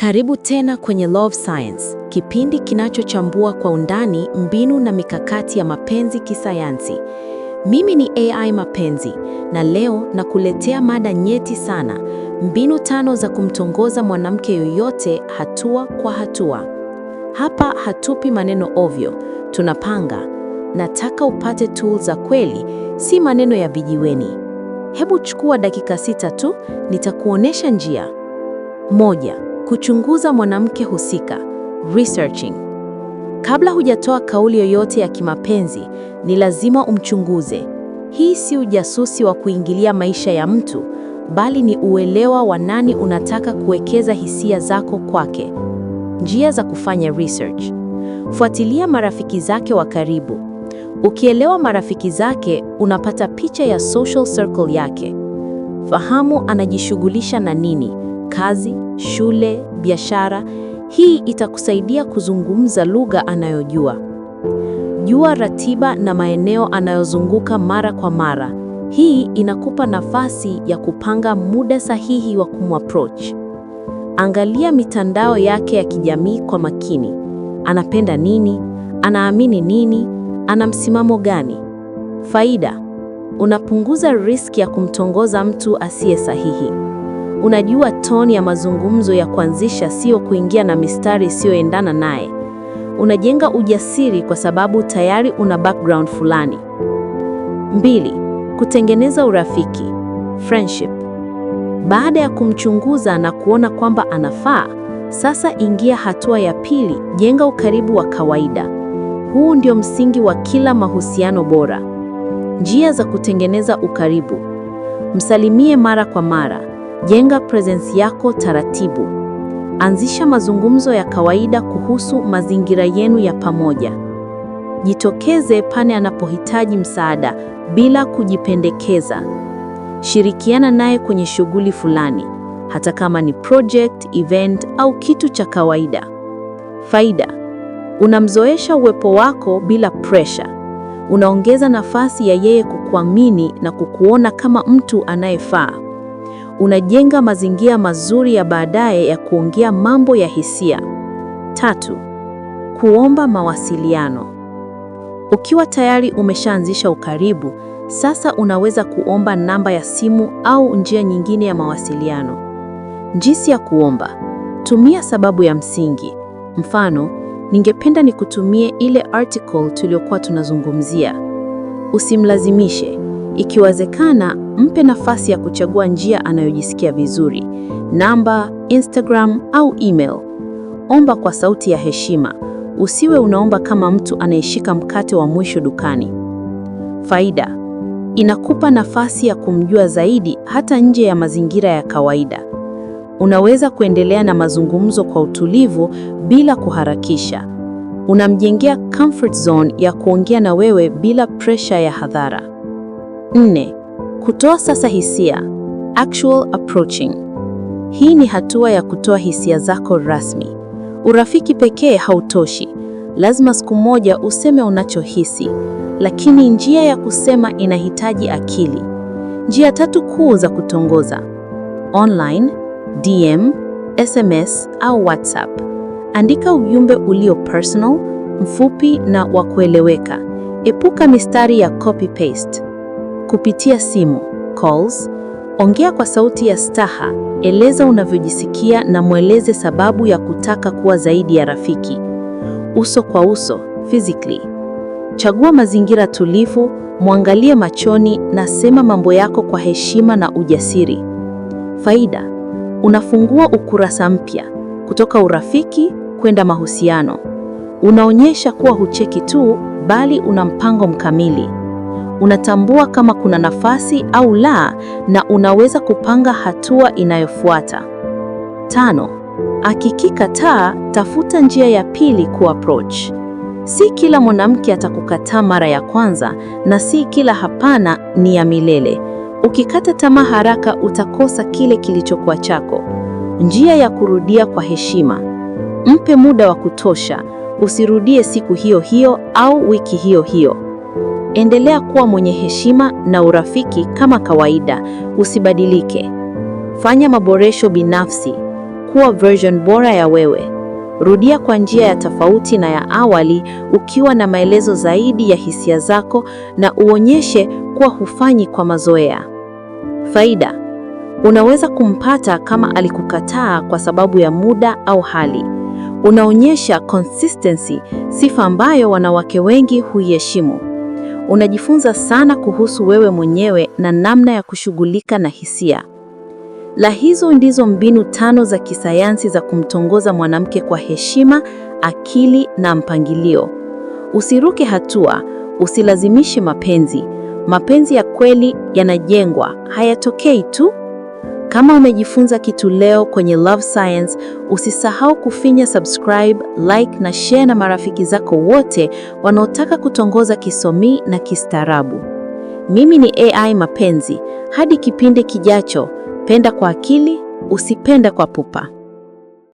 Karibu tena kwenye Love Science, kipindi kinachochambua kwa undani mbinu na mikakati ya mapenzi kisayansi. Mimi ni AI Mapenzi na leo nakuletea mada nyeti sana, mbinu tano za kumtongoza mwanamke yoyote hatua kwa hatua. Hapa hatupi maneno ovyo, tunapanga. Nataka upate tools za kweli, si maneno ya vijiweni. Hebu chukua dakika sita tu, nitakuonesha njia. Moja kuchunguza mwanamke husika, researching. Kabla hujatoa kauli yoyote ya kimapenzi, ni lazima umchunguze. Hii si ujasusi wa kuingilia maisha ya mtu, bali ni uelewa wa nani unataka kuwekeza hisia zako kwake. Njia za kufanya research: fuatilia marafiki zake wa karibu. Ukielewa marafiki zake, unapata picha ya social circle yake. Fahamu anajishughulisha na nini, kazi, shule, biashara. Hii itakusaidia kuzungumza lugha anayojua. Jua ratiba na maeneo anayozunguka mara kwa mara. Hii inakupa nafasi ya kupanga muda sahihi wa kumapproach. Angalia mitandao yake ya kijamii kwa makini. Anapenda nini? Anaamini nini? Ana msimamo gani? Faida: unapunguza riski ya kumtongoza mtu asiye sahihi. Unajua, toni ya mazungumzo ya kuanzisha sio kuingia na mistari isiyoendana naye. Unajenga ujasiri kwa sababu tayari una background fulani. Mbili, kutengeneza urafiki, friendship. Baada ya kumchunguza na kuona kwamba anafaa, sasa ingia hatua ya pili, jenga ukaribu wa kawaida. Huu ndio msingi wa kila mahusiano bora. Njia za kutengeneza ukaribu: msalimie mara kwa mara, Jenga presence yako taratibu. Anzisha mazungumzo ya kawaida kuhusu mazingira yenu ya pamoja. Jitokeze pale anapohitaji msaada bila kujipendekeza. Shirikiana naye kwenye shughuli fulani, hata kama ni project, event au kitu cha kawaida. Faida: unamzoesha uwepo wako bila pressure. Unaongeza nafasi ya yeye kukuamini na kukuona kama mtu anayefaa unajenga mazingira mazuri ya baadaye ya kuongea mambo ya hisia. Tatu, kuomba mawasiliano. Ukiwa tayari umeshaanzisha ukaribu, sasa unaweza kuomba namba ya simu au njia nyingine ya mawasiliano. Jinsi ya kuomba: tumia sababu ya msingi, mfano, ningependa nikutumie ile article tuliyokuwa tunazungumzia. Usimlazimishe. Ikiwezekana, mpe nafasi ya kuchagua njia anayojisikia vizuri: namba, Instagram au email. Omba kwa sauti ya heshima, usiwe unaomba kama mtu anayeshika mkate wa mwisho dukani. Faida: inakupa nafasi ya kumjua zaidi hata nje ya mazingira ya kawaida. Unaweza kuendelea na mazungumzo kwa utulivu bila kuharakisha. Unamjengea comfort zone ya kuongea na wewe bila presha ya hadhara. Nne, kutoa sasa hisia, actual approaching. Hii ni hatua ya kutoa hisia zako rasmi. Urafiki pekee hautoshi, lazima siku moja useme unachohisi, lakini njia ya kusema inahitaji akili. Njia tatu kuu za kutongoza: online, DM, SMS au WhatsApp. Andika ujumbe ulio personal, mfupi na wa kueleweka. Epuka mistari ya copy paste kupitia simu calls, ongea kwa sauti ya staha, eleza unavyojisikia na mweleze sababu ya kutaka kuwa zaidi ya rafiki. Uso kwa uso physically, chagua mazingira tulivu, mwangalie machoni na sema mambo yako kwa heshima na ujasiri. Faida, unafungua ukurasa mpya kutoka urafiki kwenda mahusiano. Unaonyesha kuwa hucheki tu, bali una mpango mkamili unatambua kama kuna nafasi au la, na unaweza kupanga hatua inayofuata. Tano, akikikataa, tafuta njia ya pili ku approach. Si kila mwanamke atakukataa mara ya kwanza, na si kila hapana ni ya milele. Ukikata tamaa haraka, utakosa kile kilichokuwa chako. Njia ya kurudia kwa heshima. Mpe muda wa kutosha, usirudie siku hiyo hiyo au wiki hiyo hiyo. Endelea kuwa mwenye heshima na urafiki kama kawaida, usibadilike. Fanya maboresho binafsi, kuwa version bora ya wewe. Rudia kwa njia ya tofauti na ya awali, ukiwa na maelezo zaidi ya hisia zako, na uonyeshe kuwa hufanyi kwa mazoea. Faida: unaweza kumpata kama alikukataa kwa sababu ya muda au hali. Unaonyesha consistency, sifa ambayo wanawake wengi huiheshimu unajifunza sana kuhusu wewe mwenyewe na namna ya kushughulika na hisia. La, hizo ndizo mbinu tano za kisayansi za kumtongoza mwanamke kwa heshima, akili na mpangilio. Usiruke hatua, usilazimishe mapenzi. Mapenzi ya kweli yanajengwa, hayatokei tu. Kama umejifunza kitu leo kwenye Love Science, usisahau kufinya subscribe, like na share na marafiki zako wote wanaotaka kutongoza kisomi na kistaarabu. Mimi ni AI Mapenzi. Hadi kipindi kijacho, penda kwa akili, usipenda kwa pupa.